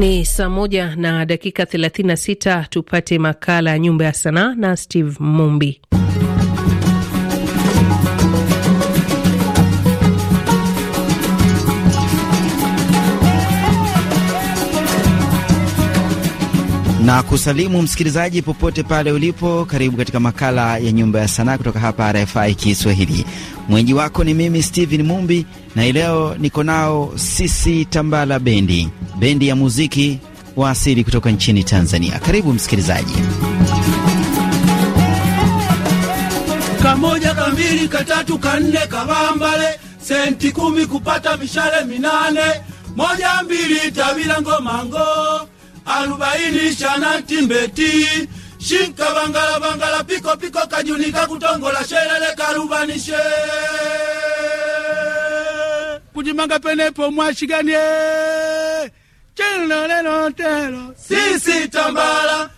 Ni saa moja na dakika 36. Tupate makala ya nyumba ya sanaa na Steve Mumbi. na kusalimu msikilizaji popote pale ulipo. Karibu katika makala ya nyumba ya sanaa kutoka hapa RFI Kiswahili. Mwenji wako ni mimi Steven Mumbi, na hii leo niko nao Sisi Tambala Bendi, bendi ya muziki wa asili kutoka nchini Tanzania. Karibu msikilizaji. Kamoja, kambili, katatu, kanne, kabambale, senti kumi kupata mishale minane, moja, mbili, tawila, ngomango, arubaini shanati, mbeti, shinka, bangala, bangala, piko, piko, kajunika, kutongola, sherele, karubanishe kujimanga penepo mwashiganie chino sisi tambala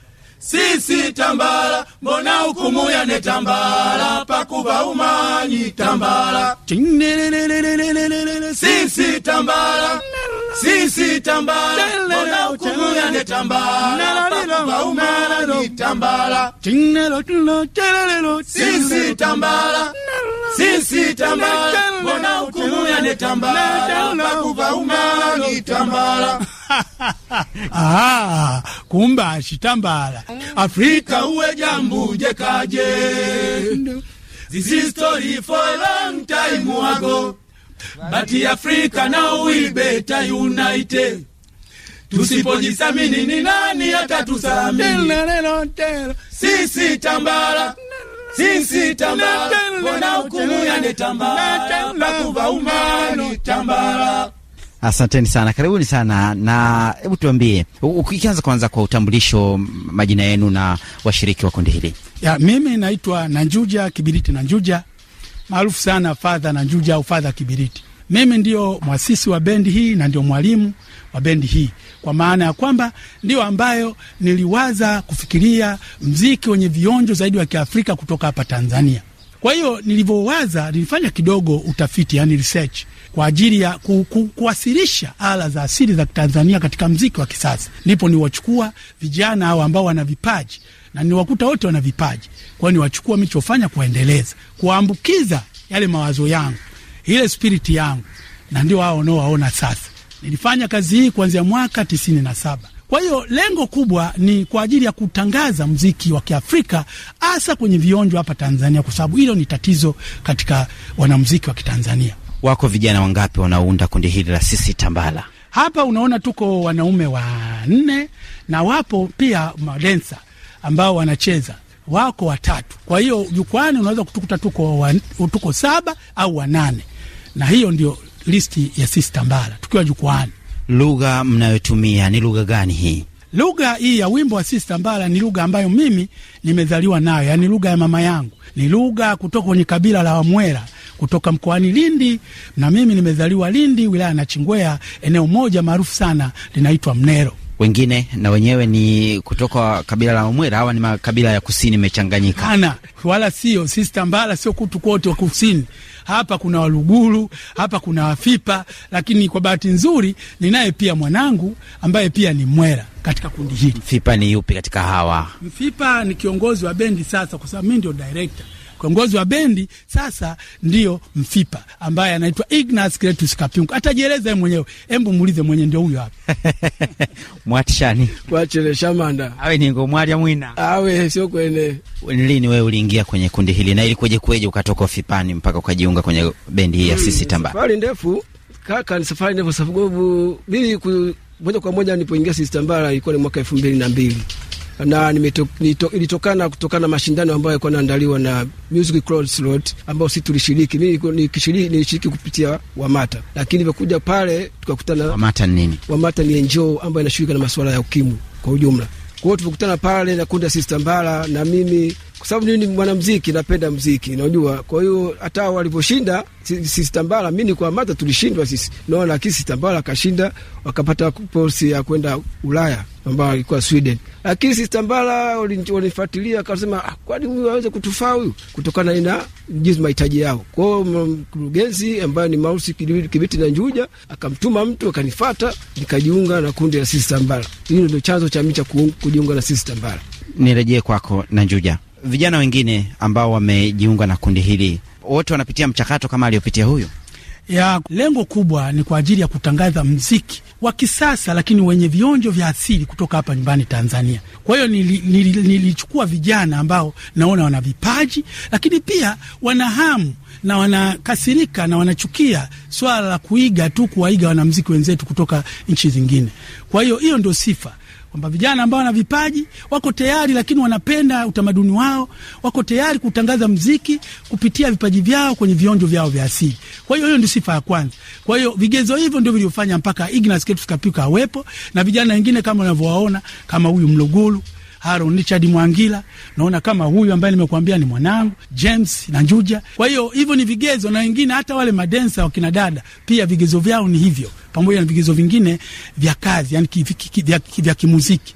sisi tambala mbona hukumu yane tambala pakuba umanyi tambala sisi tambala sisi tambala mbona hukumu yane tambala pakuba umanyi tambala sisi tambala sisi tambala mbona hukumu yanetambara pakuva umani tambala aha kumba shitambara mm. afrika uwe jambuje kaje this is story for a long time ago but africa now we better united tusipojisamini ni nani atatusamini sisi tambala tambara sisi tambara bona hukumu yane tambara la kuvaumani tambara Asanteni sana, karibuni sana na hebu tuambie, ukianza kwanza kwa utambulisho, majina yenu na washiriki wa kundi hili. Ya, mimi naitwa Nanjuja Kibiriti Nanjuja, maarufu sana Fadha Nanjuja au Fadha Kibiriti. Mimi ndio mwasisi wa bendi hii na ndio mwalimu wa bendi hii kwa maana ya kwamba ndio ambayo niliwaza kufikiria mziki wenye vionjo zaidi wa Kiafrika kutoka hapa Tanzania. Kwa hiyo nilivyowaza, nilifanya kidogo utafiti, yani research kwa ajili ya ku, ku, kuwasilisha ala za asili za kitanzania katika mziki wa kisasa. Ndipo niwachukua vijana hao ambao wana vipaji na niwakuta wote wana vipaji, kwa hiyo niwachukua, michofanya kuwaendeleza, kuwaambukiza yale mawazo yangu, ile spiriti yangu, na ndio hao unaowaona sasa Nilifanya kazi hii kuanzia mwaka tisini na saba. Kwa hiyo lengo kubwa ni kwa ajili ya kutangaza mziki wa Kiafrika hasa kwenye vionjo hapa Tanzania, kwa sababu hilo ni tatizo katika wanamziki wa Kitanzania. Wako vijana wangapi wanaounda kundi hili la sisi Tambala? Hapa unaona tuko wanaume wanne na wapo pia madensa ambao wanacheza wako watatu. Kwa hiyo jukwani unaweza kutukuta tuko, wa, tuko saba au wanane, na hiyo ndio listi ya sisi Tambala tukiwa jukwaani. Lugha mnayotumia ni lugha gani hii? Lugha hii ya wimbo wa sisi Tambala ni lugha ambayo mimi nimezaliwa nayo, yaani lugha ya mama yangu, ni lugha kutoka kwenye kabila la Wamwera kutoka mkoani Lindi, na mimi nimezaliwa Lindi, wilaya Nachingwea, eneo moja maarufu sana linaitwa Mnero wengine na wenyewe ni kutoka kabila la Wamwera. Hawa ni makabila ya kusini mechanganyika? hana wala sio Sisi Tambala sio kutu kwote wa kusini, hapa kuna Waluguru, hapa kuna Wafipa, lakini kwa bahati nzuri ninaye pia mwanangu ambaye pia ni Mwera katika kundi hili. Mfipa ni yupi katika hawa? Mfipa ni kiongozi wa bendi sasa, kwa sababu mi ndio director kiongozi wa bendi sasa ndio Mfipa ambaye anaitwa Ignas Cletus Kapiungu, atajieleza yeye mwenyewe, hebu muulize mwenye, ndio huyo hapa mwatishani kwachele shamanda awe ni ngomwaria mwina awe sio kwene. Lini wewe uliingia kwenye kundi hili na ilikuwaje kuje ukatoka Fipani mpaka ukajiunga kwenye bendi hii ya hmm, sisi tamba? Safari ndefu kaka, ni safari ndefu sababu mimi moja kwa moja nilipoingia sisi tambara ilikuwa ni mwaka elfu mbili na mbili na ilitokana kutokana na mashindano ambayo yalikuwa yanaandaliwa na Music Crossroad ambao sisi tulishiriki. Mimi nilishiriki kupitia Wamata, lakini nilipokuja pale tukakutana. Wamata ni nini? Wamata ni NGO ambayo inashughulika na masuala ya ukimwi kwa ujumla. Kwa hiyo pale na kundi la Sister Mbala na mimi kwa sababu mimi ni mwanamuziki, napenda muziki, unajua. Kwa hiyo hata waliposhinda sisi Tambara, mimi ni Mata tulishindwa sisi, naona lakini sisi Tambara kashinda, wakapata posi ya kwenda Ulaya ambayo ilikuwa Sweden, lakini sisi Tambara walifuatilia, akasema ah, kwani huyu aweze kutufaa huyu, kutokana na jinsi mahitaji yao. Kwa hiyo mkurugenzi ambayo ni Mausi Kibiti na Njuja akamtuma mtu akanifata, nikajiunga na kundi la sisi Tambara. Hilo ndio chanzo cha mimi cha kujiunga na sisi Tambara. Nirejee kwako na Njuja vijana wengine ambao wamejiunga na kundi hili wote wanapitia mchakato kama aliyopitia huyu? Ya, lengo kubwa ni kwa ajili ya kutangaza mziki wa kisasa lakini wenye vionjo vya asili kutoka hapa nyumbani Tanzania. Kwa hiyo nilichukua nili, nili vijana ambao naona wana vipaji lakini pia wana hamu na wanakasirika na wanachukia swala la kuiga tu kuwaiga wanamziki wenzetu kutoka nchi zingine. Kwa hiyo hiyo ndio sifa kwamba vijana ambao wana vipaji wako tayari, lakini wanapenda utamaduni wao, wako tayari kutangaza mziki kupitia vipaji vyao kwenye vionjo vyao vya asili. Kwa hiyo hiyo ndio sifa ya kwanza. Kwa hiyo vigezo hivyo ndio vilivyofanya mpaka Ignas Ketu Skapika awepo na vijana wengine kama unavyowaona kama huyu mluguru Aaron Richard Mwangila, naona kama huyu ambaye nimekuambia ni mwanangu James na Njuja. Kwa hiyo hivyo ni vigezo, na wengine hata wale madensa wakina dada pia vigezo vyao ni hivyo, pamoja na vigezo vingine vya kazi, yani vya kimuziki.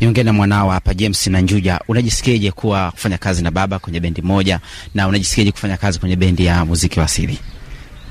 Niongee na mwanao hapa James na Njuja, unajisikiaje kuwa kufanya kazi na baba kwenye bendi moja, na unajisikiaje kufanya kazi kwenye bendi ya muziki wa asili?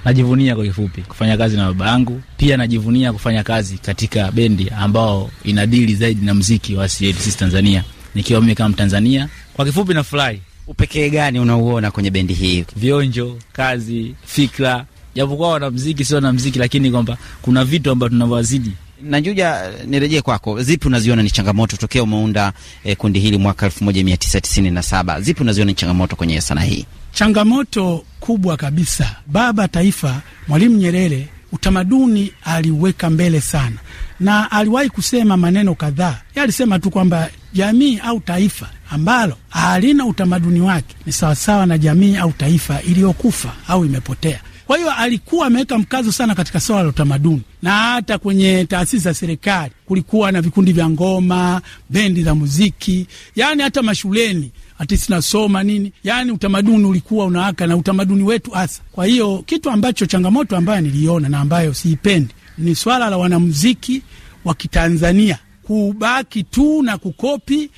najivunia kwa kifupi kufanya kazi na baba yangu. Pia najivunia kufanya kazi katika bendi ambao inadili zaidi na mziki wa asili Tanzania, nikiwa mimi kama Mtanzania. Kwa kifupi, nafurahi. Upekee gani unauona kwenye bendi hii? Vionjo, kazi, fikra, japokuwa mziki sio na mziki, lakini kwamba kuna vitu ambavyo tunavyowazidi Najuja, nirejee kwako, zipi unaziona ni changamoto tokea umeunda eh, kundi hili mwaka 1997 zipi unaziona ni changamoto kwenye sanaa hii? Changamoto kubwa kabisa, baba taifa Mwalimu Nyerere utamaduni aliweka mbele sana, na aliwahi kusema maneno kadhaa. Yeye alisema tu kwamba jamii au taifa ambalo halina utamaduni wake ni sawasawa na jamii au taifa iliyokufa au imepotea. Kwa hiyo alikuwa ameweka mkazo sana katika swala la utamaduni, na hata kwenye taasisi za serikali kulikuwa na vikundi vya ngoma, bendi za muziki, yaani hata mashuleni ati sinasoma nini, yani utamaduni ulikuwa unaaka na utamaduni wetu hasa. Kwa hiyo kitu ambacho changamoto ambayo niliona na ambayo siipendi ni swala la wanamuziki wa Kitanzania kubaki tu na kukopi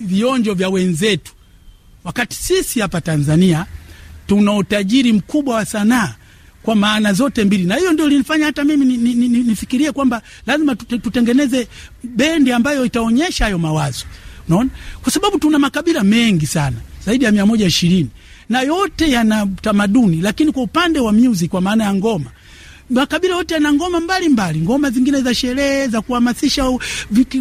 vionjo vya wenzetu, wakati sisi hapa Tanzania tuna utajiri mkubwa wa sanaa kwa maana zote mbili, na hiyo ndio linifanya hata mimi ni, ni, ni, nifikirie kwamba lazima tutengeneze bendi ambayo itaonyesha hayo mawazo. Unaona? Kwa sababu tuna makabila mengi sana, zaidi ya 120 na yote yana tamaduni, lakini kwa upande wa music, kwa maana ya ngoma makabila yote yana ngoma mbalimbali, ngoma zingine za sherehe, za kuhamasisha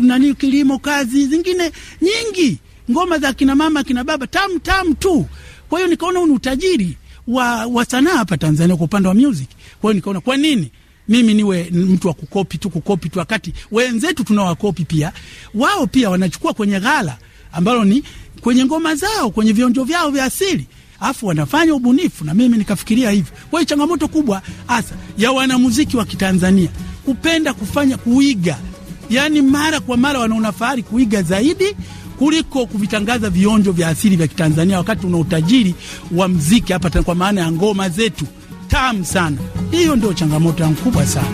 nani, kilimo, kazi, zingine nyingi, ngoma za kina mama, kina baba, tam tam tu. Kwa hiyo nikaona huu ni utajiri wa, wa sanaa hapa Tanzania kwa upande wa music. Kwa hiyo nikaona kwa nini mimi niwe mtu wa kukopi tu kukopi tu, wakati wenzetu tunawakopi pia. Wao pia wanachukua kwenye ghala ambalo ni kwenye ngoma zao, kwenye vionjo vyao vya asili, afu wanafanya ubunifu, na mimi nikafikiria hivyo. Kwa hiyo changamoto kubwa hasa ya wanamuziki wa Kitanzania kupenda kufanya kuiga, yani mara kwa mara wanaona fahari kuiga zaidi kuliko kuvitangaza vionjo vya asili vya Kitanzania, wakati una utajiri wa mziki hapa kwa maana ya ngoma zetu tamu sana. Hiyo ndio changamoto yangu kubwa sana.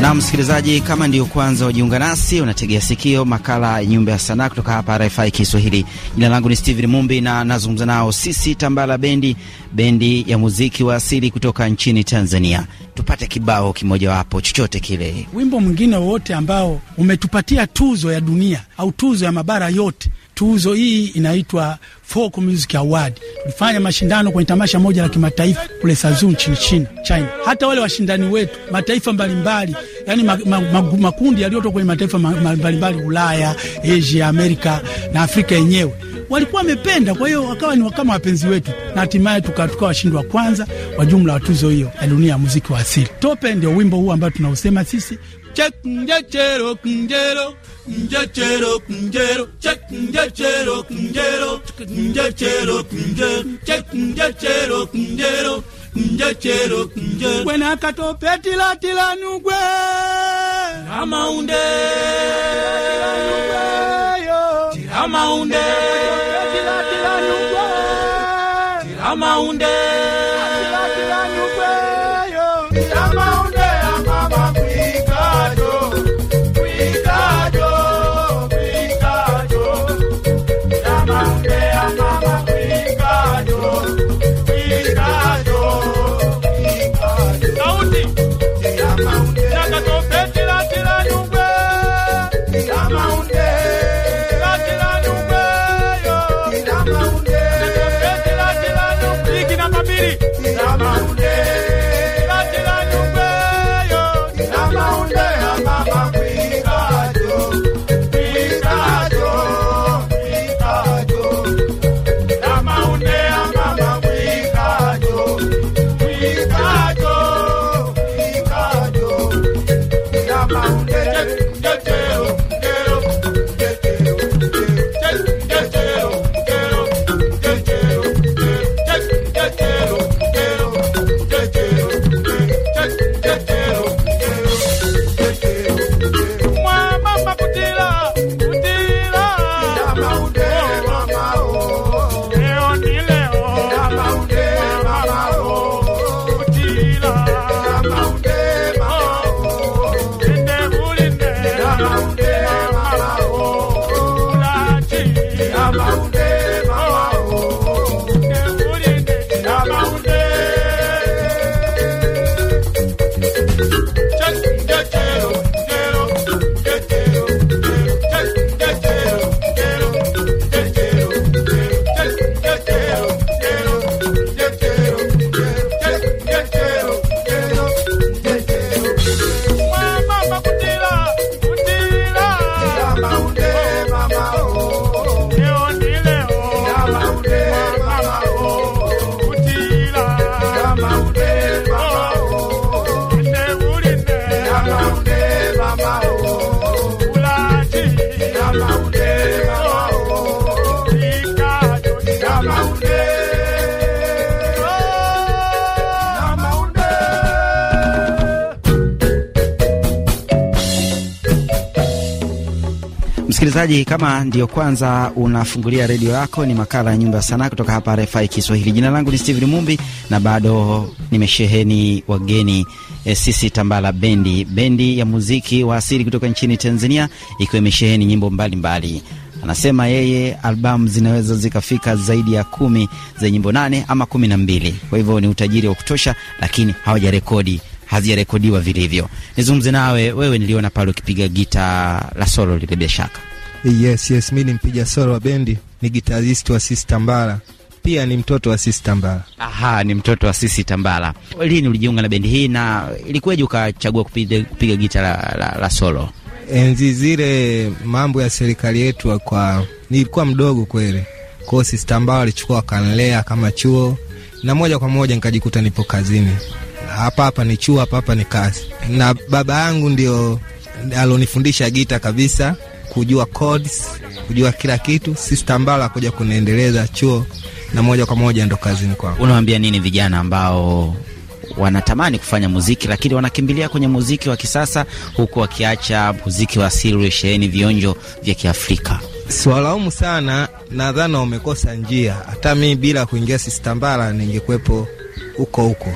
Na msikilizaji, kama ndiyo kwanza wajiunga nasi, unategea sikio makala ya Nyumba ya Sanaa kutoka hapa RFI Kiswahili. Jina langu ni Steven Mumbi na nazungumza nao sisi Tambala Bendi, bendi ya muziki wa asili kutoka nchini Tanzania. Tupate kibao kimojawapo chochote kile, wimbo mwingine wowote ambao umetupatia tuzo ya dunia au tuzo ya mabara yote tuzo hii inaitwa Folk Music Award. Tulifanya mashindano kwenye tamasha moja la kimataifa kule Suzhou nchini China, China. Hata wale washindani wetu mataifa mbalimbali, yani ma, ma, ma, makundi yaliyotoka kwenye mataifa mbalimbali Ulaya, Asia, Amerika na Afrika yenyewe walikuwa wamependa, kwa hiyo wakawa ni kama wapenzi wetu, na hatimaye tukatuka washindi wa kwanza wa jumla wa tuzo hiyo ya dunia ya muziki wa asili. Tope ndio wimbo huu ambao tunausema sisi chekunjechero kunjero njechero kunjero kunjero njechero kunjero kunjero njechero kunjero kwena katope nugwe founder Msikilizaji, kama ndio kwanza unafungulia redio yako, ni makala ya Nyumba ya Sanaa kutoka hapa RFI Kiswahili. Jina langu ni Steven Mumbi na bado nimesheheni wageni e, sisi Tambala Bendi, bendi ya muziki wa asili kutoka nchini Tanzania, ikiwa imesheheni nyimbo mbalimbali mbali. Anasema yeye albamu zinaweza zikafika zaidi ya kumi za nyimbo nane ama kumi na mbili. Kwa hivyo ni utajiri wa kutosha, lakini hawajarekodi hazijarekodiwa vilivyo. Nizungumze nawe wewe, niliona pale ukipiga gita la solo lile, bila shaka. Yes, yes, mi ni mpiga solo wa bendi, ni gitaristi wa Sisi Tambara, pia ni mtoto wa Sisi Tambara. Aha, ni mtoto wa Sisi Tambara. Lini ulijiunga na bendi hii na ilikuweje ukachagua kupiga, kupiga gita la, la, la solo? Enzi zile mambo ya serikali yetu, kwa nilikuwa mdogo kweli, kwao, Sisi Tambara alichukua akanlea kama chuo, na moja kwa moja nikajikuta nipo kazini hapa hapa ni chuo, hapa hapa ni kazi. Na baba yangu ndio alonifundisha gita kabisa, kujua chords, kujua kila kitu. Sista Mbala kuja kuniendeleza chuo na moja kwa moja ndo kazini kwangu. Unawaambia nini vijana ambao wanatamani kufanya muziki lakini wanakimbilia kwenye muziki wa kisasa huku wakiacha muziki wa asili uliosheheni vionjo vya Kiafrika? Siwalaumu sana, nadhani wamekosa njia. Hata mi bila kuingia Sistambala ningekuwepo huko huko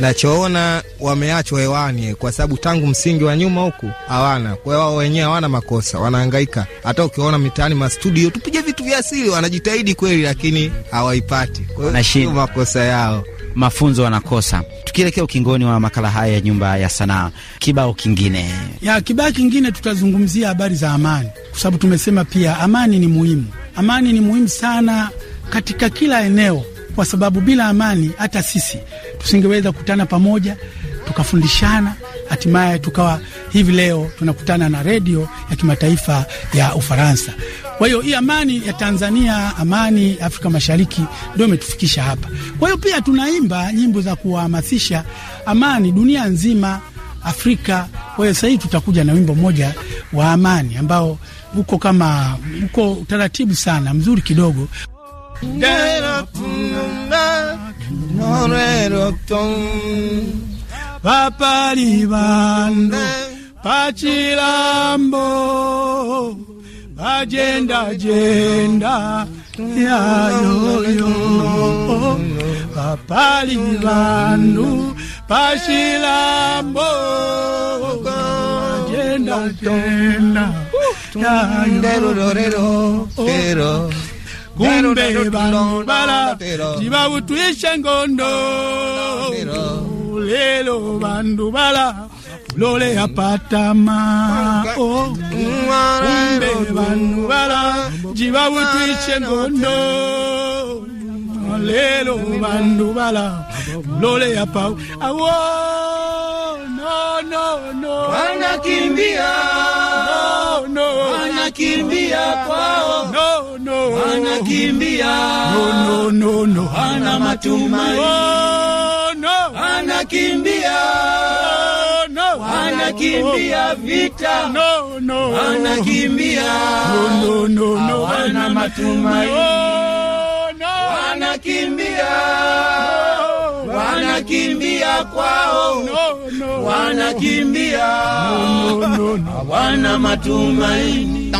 nachoona wameachwa hewani, kwa sababu tangu msingi wa nyuma huku hawana. Kwa hiyo wao wenyewe hawana makosa, wanahangaika. Hata ukiwaona mitaani mastudio, tupige vitu vya asili, wanajitahidi kweli, lakini hawaipati. Kwa hiyo makosa yao mafunzo wanakosa. Tukielekea ukingoni wa makala haya ya Nyumba ya Sanaa, kibao kingine ya kibao kingine tutazungumzia habari za amani, kwa sababu tumesema pia amani ni muhimu. Amani ni muhimu sana katika kila eneo kwa sababu bila amani hata sisi tusingeweza kukutana pamoja tukafundishana, hatimaye tukawa hivi leo tunakutana na redio ya kimataifa ya Ufaransa. Kwa hiyo hii amani ya Tanzania, amani Afrika Mashariki ndio imetufikisha hapa. Kwa hiyo pia tunaimba nyimbo za kuwahamasisha amani dunia nzima, Afrika. Kwa hiyo sasa hivi tutakuja na wimbo mmoja wa amani ambao uko kama uko utaratibu sana mzuri kidogo Dera. ọ̀rẹ́ rọ̀tọ̀n. babalibando bacilambo bajendajenda yayoyo babalibando bacilambo bajendajenda yayoyo kumbe bangibala ndibabutwisha ngondo lelo bandubala lole apatama kumbe bandubala ndibabutwisha ngondo lelo bandubala lole apa awo no no no wanakimbia wanakimbia kwao, no, no, wanakimbia no, no, no, no, hana matumaini oh, oh, no, anakimbia oh, vita no, no, wanakimbia no, no, no, no, hana matumaini oh, no, wanakimbia wanakimbia kwao no, no, wanakimbia no, Wana matumaini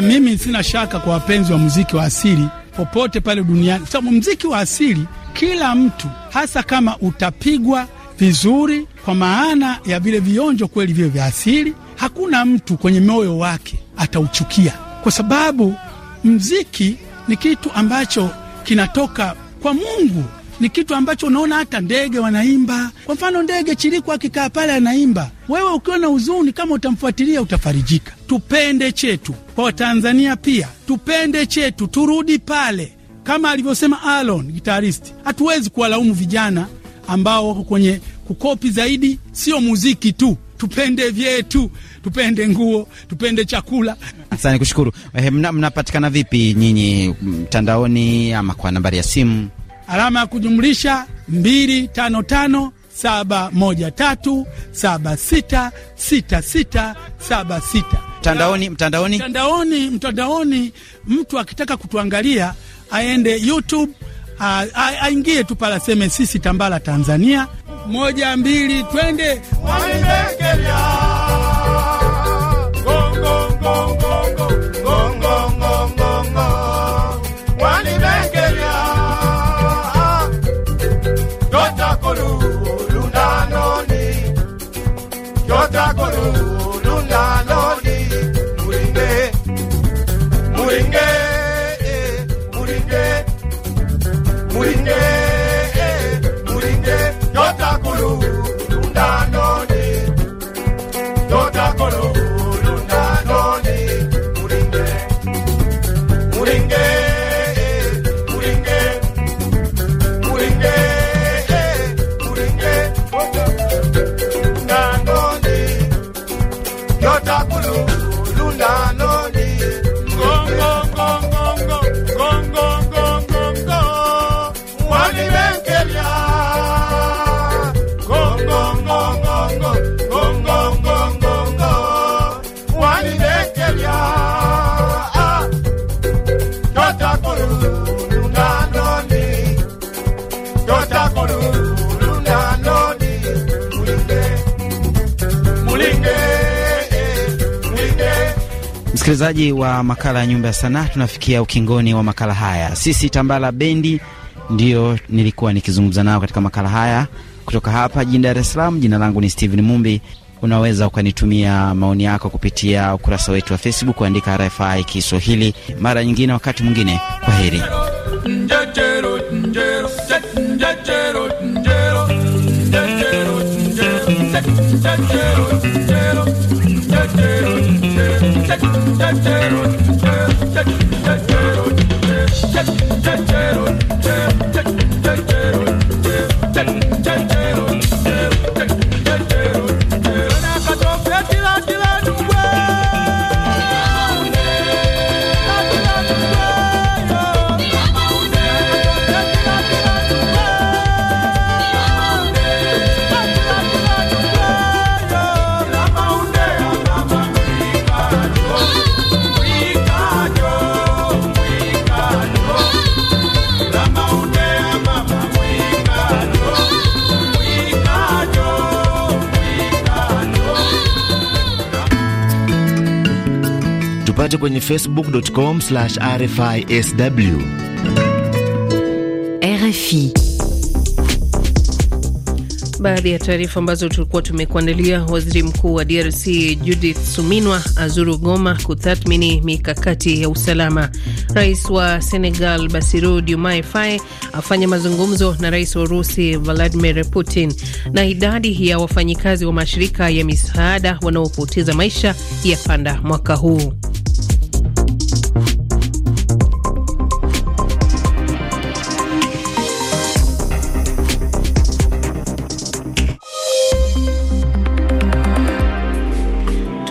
mimi sina shaka kwa wapenzi wa muziki wa asili popote pale duniani, sababu muziki wa asili kila mtu, hasa kama utapigwa vizuri kwa maana ya vile vionjo kweli vile vya asili, hakuna mtu kwenye moyo wake atauchukia, kwa sababu mziki ni kitu ambacho kinatoka kwa Mungu ni kitu ambacho unaona hata ndege wanaimba. Kwa mfano, ndege chiriku akikaa pale anaimba, wewe ukiwa na huzuni, kama utamfuatilia utafarijika. Tupende chetu kwa Watanzania, pia tupende chetu, turudi pale kama alivyosema Alon gitaristi. Hatuwezi kuwalaumu vijana ambao wako kwenye kukopi zaidi, sio muziki tu. Tupende vyetu, tupende nguo, tupende chakula. Asante, kushukuru. Eh, mnapatikana mna vipi nyinyi mtandaoni, ama kwa nambari ya simu? alama ya kujumlisha 255 Mtandaoni, mtandaoni, mtandaoni, mtandaoni, mtu akitaka kutuangalia aende YouTube aingie tu pala, seme sisi Tambala Tanzania, moja mbili, twende wambekelea lọ́dà gbọ́dọ̀ òòlù ńlá. Msikilizaji wa makala ya Nyumba ya Sanaa, tunafikia ukingoni wa makala haya. Sisi Tambala Bendi ndio nilikuwa nikizungumza nao katika makala haya kutoka hapa jijini Dar es Salaam. Jina langu ni Steven Mumbi. Unaweza ukanitumia maoni yako kupitia ukurasa wetu wa Facebook, kuandika RFI Kiswahili. Mara nyingine, wakati mwingine, kwa heri. tupate kwenye facebook.com rfisw. RFI Baadhi ya taarifa ambazo tulikuwa tumekuandalia: waziri mkuu wa DRC Judith Suminwa azuru Goma kutathmini mikakati ya usalama. Rais wa Senegal Bassirou Diomaye Faye afanya mazungumzo na rais wa Urusi Vladimir Putin, na idadi ya wafanyikazi wa mashirika ya misaada wanaopoteza maisha yapanda mwaka huu.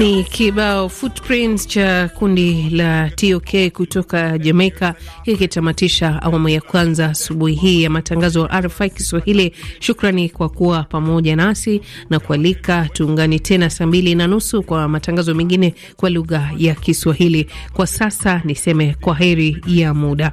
Ni kibao Footprints cha kundi la TOK kutoka jamaica kikitamatisha awamu ya kwanza asubuhi hii ya matangazo ya RFI Kiswahili. Shukrani kwa kuwa pamoja nasi na kualika, tuungane tena saa mbili na nusu kwa matangazo mengine kwa lugha ya Kiswahili. Kwa sasa niseme kwa heri ya muda.